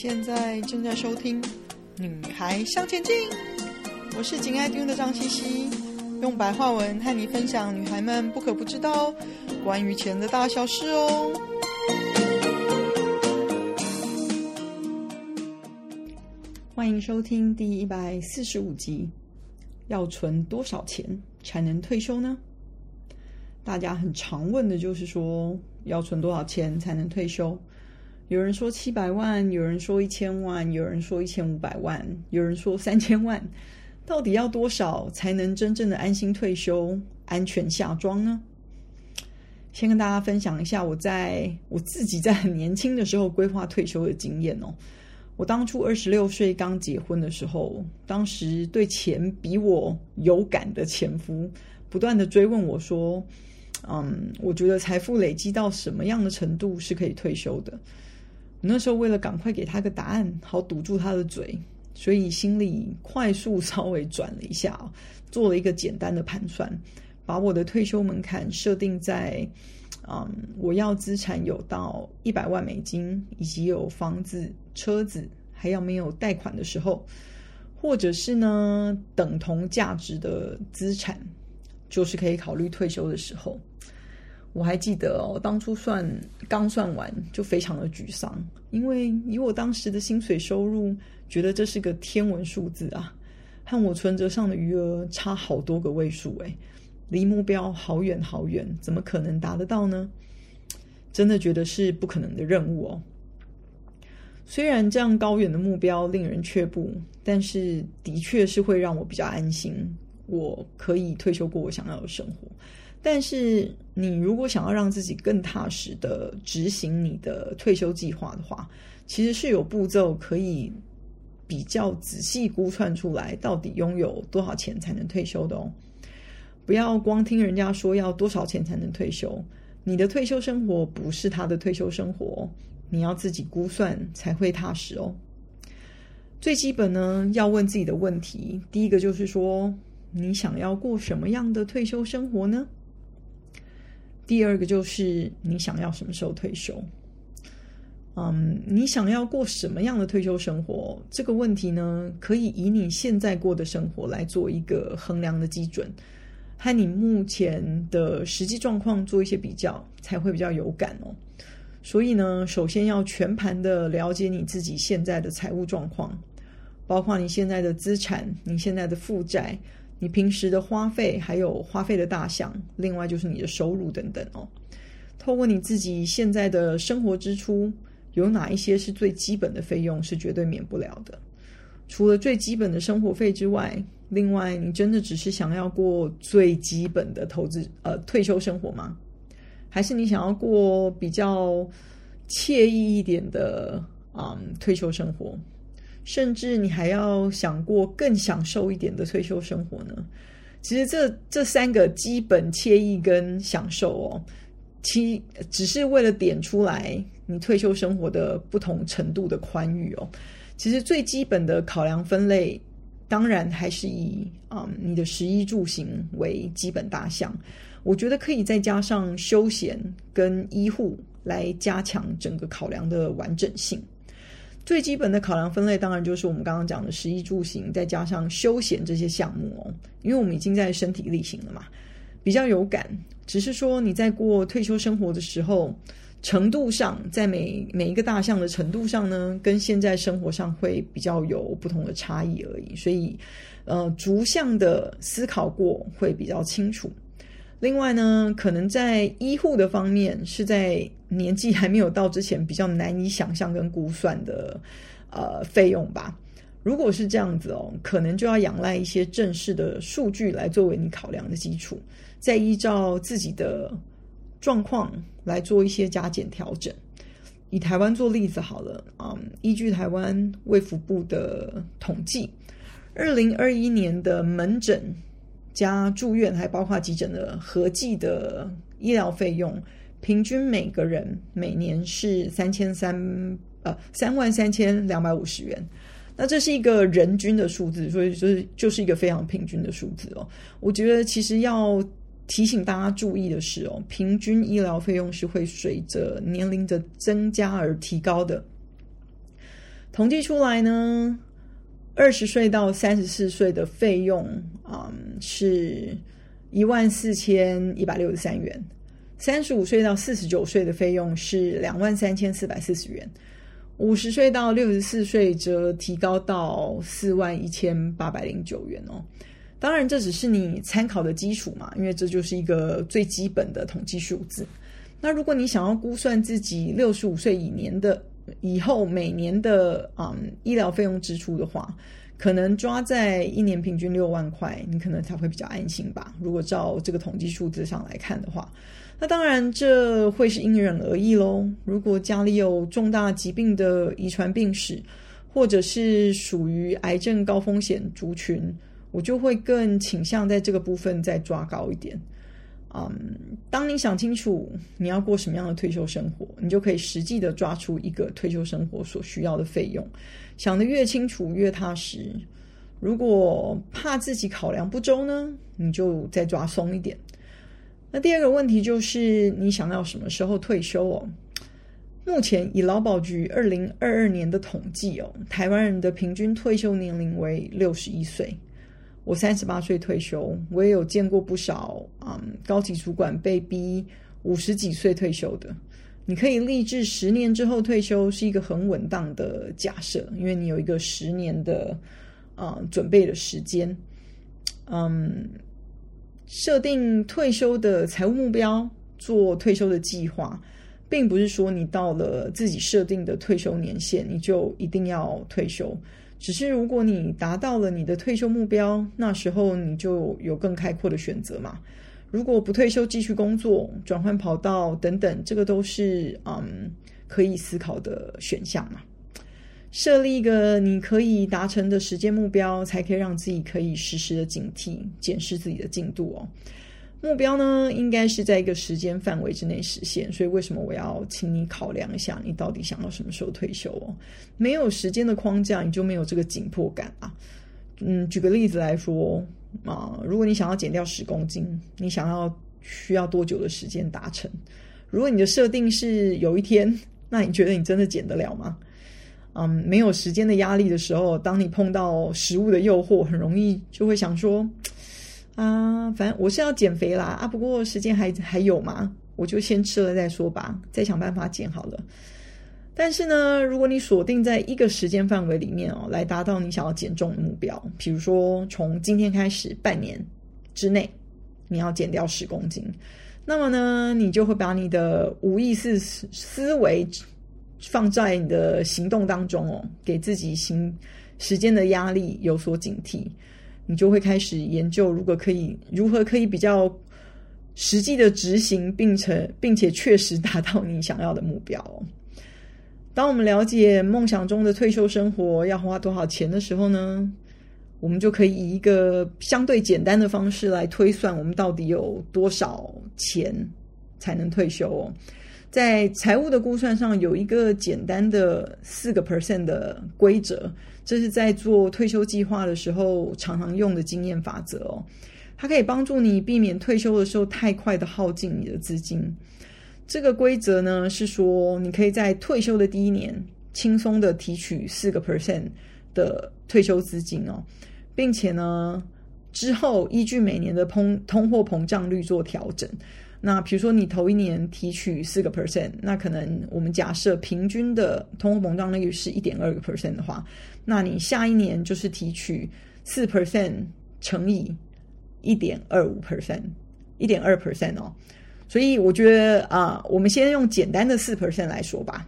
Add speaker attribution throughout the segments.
Speaker 1: 現在正在收聽《女孩向前進》，我是緊愛聽的張茜茜，用白話文和你分享女孩們不可不知道關於錢的大小事哦。歡迎收聽第一百四十五集，要存多少錢才能退休呢？大家很常問的就是說，要存多少錢才能退休？有人說七百萬，有人說一千萬，有人說一千五百萬，有人說三千萬，到底要多少才能真正的安心退休、安全下莊呢？先跟大家分享一下我在我自己在很年輕的時候規劃退休的經驗哦。我當初二十六歲剛結婚的時候，當時對錢比我有感的前夫不斷的追問我說：“嗯，我覺得財富累積到什麼樣的程度是可以退休的？”那時候為了趕快給他個答案，好堵住他的嘴，所以心裡快速稍微轉了一下，做了一個簡單的盤算，把我的退休門檻設定在，嗯，我要資產有到一百萬美金，以及有房子、車子，還要沒有貸款的時候，或者是呢，等同價值的資產，就是可以考慮退休的時候。我還記得哦，我當初算，剛算完就非常的沮喪，因為以我當時的薪水收入，覺得這是個天文數字啊，和我存折上的餘額差好多個位數哎，離目標好遠好遠，怎麼可能達得到呢？真的覺得是不可能的任務哦。雖然這樣高遠的目標令人卻步，但是的確是會讓我比較安心，我可以退休過我想要的生活。但是，你如果想要讓自己更踏實的執行你的退休計劃的話，其實是有步驟可以比較仔細估算出來，到底擁有多少錢才能退休的哦。不要光聽人家說要多少錢才能退休，你的退休生活不是他的退休生活，你要自己估算才會踏實哦。最基本呢，要問自己的問題，第一個就是說，你想要過什麼樣的退休生活呢？第二個就是你想要什麼時候退休？嗯，你想要過什麼樣的退休生活？這個問題呢，可以以你現在過的生活來做一個衡量的基準，和你目前的實際狀況做一些比較，才會比較有感哦。所以呢，首先要全盤的了解你自己現在的財務狀況，包括你現在的資產、你現在的負債。你平時的花費，還有花費的大項，另外就是你的收入等等哦。透過你自己現在的生活支出，有哪一些是最基本的費用是絕對免不了的？除了最基本的生活費之外，另外你真的只是想要過最基本的投資呃退休生活嗎？還是你想要過比較愜意一點的嗯退休生活？甚至你還要想過更享受一點的退休生活呢？其實這這三個基本愜意跟享受哦，其只是為了點出來你退休生活的不同程度的寬裕哦。其實最基本的考量分類，當然還是以啊、嗯、你的食衣住行為基本大項。我覺得可以再加上休閒跟醫護來加強整個考量的完整性。最基本的考量分類，當然就是我們剛剛講的食衣住行，再加上休閒這些項目哦。因為我們已經在身體力行了嘛，比較有感。只是說你在過退休生活的時候，程度上，在每每一個大項的程度上呢，跟現在生活上會比較有不同的差異而已。所以，呃，逐項的思考過會比較清楚。另外呢，可能在醫護的方面，是在年紀還沒有到之前比較難以想象跟估算的，呃，費用吧。如果是這樣子哦，可能就要仰賴一些正式的數據來作為你考量的基礎，再依照自己的狀況來做一些加減調整。以台灣做例子好了啊，嗯，依據台灣衛福部的統計，二零二一年的門診。加住院還包括急診的合計的醫療費用，平均每個人每年是三千三，呃，三萬三千兩百五十元。那這是一個人均的數字，所以就是就是一個非常平均的數字哦。我覺得其實要提醒大家注意的是哦，平均醫療費用是會隨着年齡的增加而提高的。統計出來呢，二十歲到三十四歲的費用嗯、um, 是一萬四千一百六十三元；三十五歲到四十九歲的費用是兩萬三千四百四十元；五十歲到六十四歲則提高到四萬一千八百零九元哦。當然，這只是你參考的基礎嘛，因為這就是一個最基本的統計數字。那如果你想要估算自己六十五歲以年的，以後每年的啊、um, 醫療費用支出的話，可能抓在一年平均六萬塊，你可能才會比較安心吧。如果照這個統計數字上來看的話，那當然這會是因人而異嘍。如果家裡有重大疾病的遺傳病史，或者是屬於癌症高風險族群，我就會更傾向在這個部分再抓高一點。嗯，um, 當你想清楚你要過什麼樣的退休生活，你就可以實際的抓出一個退休生活所需要的費用。想得越清楚越踏實。如果怕自己考量不周呢，你就再抓鬆一點。那第二個問題就是你想要什麼時候退休哦？目前以勞保局二零二二年的統計哦，台灣人的平均退休年齡為六十一歲。我三十八歲退休，我也有見過不少、嗯、高級主管被逼五十幾歲退休的。你可以立志十年之後退休，是一個很穩當的假設，因為你有一個十年的、嗯、準備的時間。嗯，設定退休的財務目標，做退休的計劃，並不是說你到了自己設定的退休年限，你就一定要退休。只是如果你達到了你的退休目標，那時候你就有更開闊的選擇嘛。如果不退休繼續工作、轉換跑道等等，這個都是嗯可以思考的選項嘛。設立一個你可以達成的時間目標，才可以讓自己可以時時的警惕、檢視自己的進度哦。目標呢，應該是在一個時間範圍之內實現。所以，為什麼我要請你考量一下，你到底想要什麼時候退休哦？沒有時間的框架，你就沒有這個緊迫感啊。嗯，舉個例子來說啊、呃，如果你想要減掉十公斤，你想要需要多久的時間達成？如果你的設定是有一天，那你覺得你真的減得了嗎？嗯，沒有時間的壓力的時候，當你碰到食物的誘惑，很容易就會想說。啊，反正我是要減肥啦！啊，不過時間還還有嗎？我就先吃了再說吧，再想辦法減好了。但是呢，如果你鎖定在一個時間範圍裡面哦，來達到你想要減重的目標，比如說，從今天開始半年之內你要減掉十公斤，那麼呢，你就會把你的無意識思，思維放在你的行動當中哦，給自己行時間的壓力有所警惕。你就會開始研究，如果可以如何可以比較實際的執行並，並且並且確實達到你想要的目標。當我們了解夢想中的退休生活要花多少錢的時候呢，我們就可以以一個相對簡單的方式來推算我們到底有多少錢才能退休。哦，在財務的估算上，有一個簡單的四個 percent 的規則。這是在做退休計劃的時候常常用的經驗法則哦，它可以幫助你避免退休的時候太快的耗盡你的資金。這個規則呢是說，你可以在退休的第一年輕鬆的提取四個 percent 的退休資金哦，並且呢之後依據每年的通通貨膨脹率做調整。那比如說你頭一年提取四個 percent，那可能我們假設平均的通貨膨脹率是一點二個 percent 的話。那你下一年就是提取四 percent 乘以一點二五 percent，一點二 percent 哦。所以我覺得啊，我們先用簡單的四 percent 來說吧，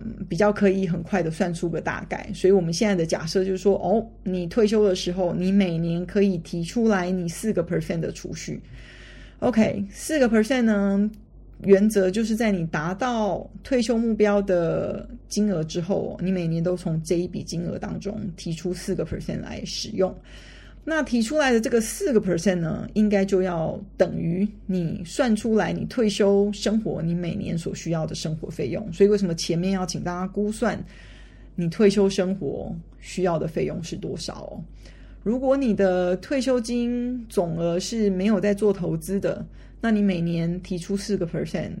Speaker 1: 嗯，比較可以很快的算出個大概。所以我們現在的假設就是說，哦，你退休的時候，你每年可以提出來你四個 percent 的儲蓄。OK，四個 percent 呢？原則就是在你達到退休目標的金額之後，你每年都從這一筆金額當中提出四個 percent 來使用。那提出來的這個四個 percent 呢，應該就要等於你算出來你退休生活你每年所需要的生活費用。所以為什麼前面要請大家估算你退休生活需要的費用是多少？哦，如果你的退休金總額是沒有在做投資的。那你每年提出四個 percent，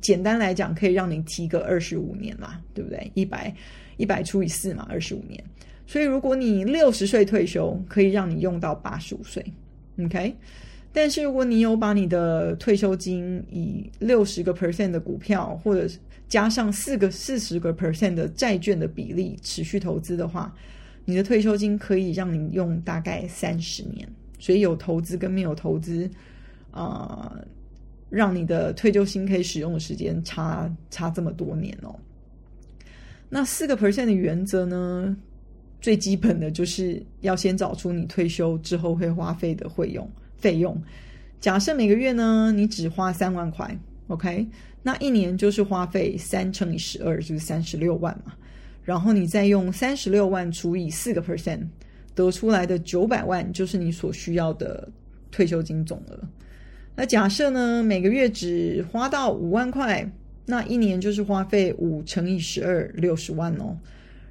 Speaker 1: 簡單來講，可以讓你提個二十五年嘛，對不對？一百一百除以四嘛，二十五年。所以如果你六十歲退休，可以讓你用到八十五歲，OK？但是如果你有把你的退休金以六十個 percent 的股票，或者加上四個四十個 percent 的債券的比例持續投資的話，你的退休金可以讓你用大概三十年。所以有投資跟沒有投資，啊，uh, 讓你的退休金可以使用的時間差差這麼多年哦。那四個 percent 的原則呢？最基本的就是要先找出你退休之後會花費的費用。費用假設每個月呢，你只花三萬塊，OK？那一年就是花費三乘以十二，就是三十六萬嘛。然後你再用三十六萬除以四個 percent，得出來的九百萬就是你所需要的退休金總額。那假設呢，每個月只花到五萬塊，那一年就是花費五乘以十二，六十萬哦。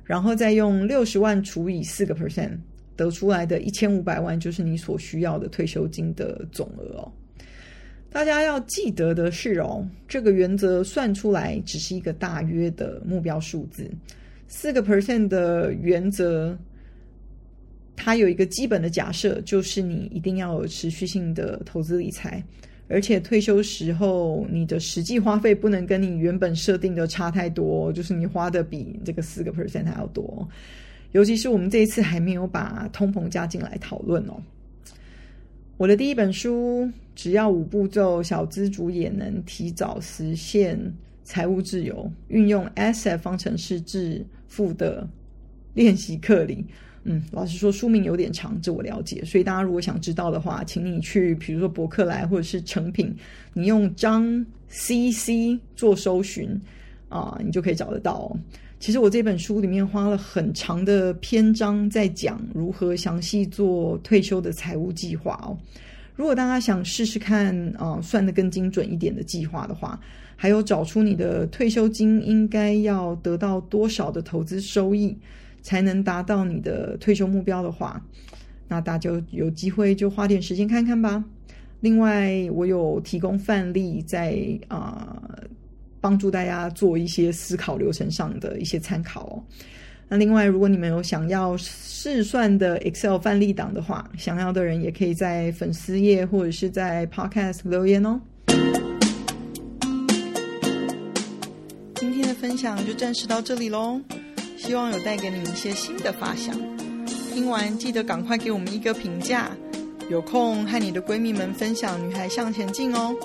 Speaker 1: 然後再用六十萬除以四個 percent，得出來的一千五百萬就是你所需要的退休金的總額哦。大家要記得的是哦，這個原則算出來只是一個大約的目標數字，四個 percent 的原則。它有一個基本的假設，就是你一定要有持續性的投資理財，而且退休時候你的實際花費不能跟你原本設定的差太多，就是你花的比這個四個 percent 還要多。尤其是我們這一次還沒有把通膨加進來討論哦。我的第一本書《只要五步驟，小資主也能提早實現財務自由》，運用 Asset 方程式致富的練習課裡。嗯，老實說書名有點長，這我了解。所以大家如果想知道的話，請你去譬如說博客來或者是誠品，你用張 CC 做搜尋啊，你就可以找得到哦。其實我這本書裡面花了很長的篇章在講如何詳細做退休的財務計劃哦。如果大家想試試看啊，算得更精準一點的計劃的話，還有找出你的退休金應該要得到多少的投資收益，才能達到你的退休目標的話，那大家就有機會就花點時間看看吧。另外，我有提供範例在啊，呃，幫助大家做一些思考流程上的一些參考哦。那另外，如果你們有想要試算的 Excel 範例檔的話，想要的人也可以在粉絲頁或者是在 Podcast 留言哦。今天的分享就暫時到這裡嘍。希望有帶給你們一些新的發想。聽完記得趕快給我們一個評價，有空和你的閨蜜們分享《女孩向錢進》哦。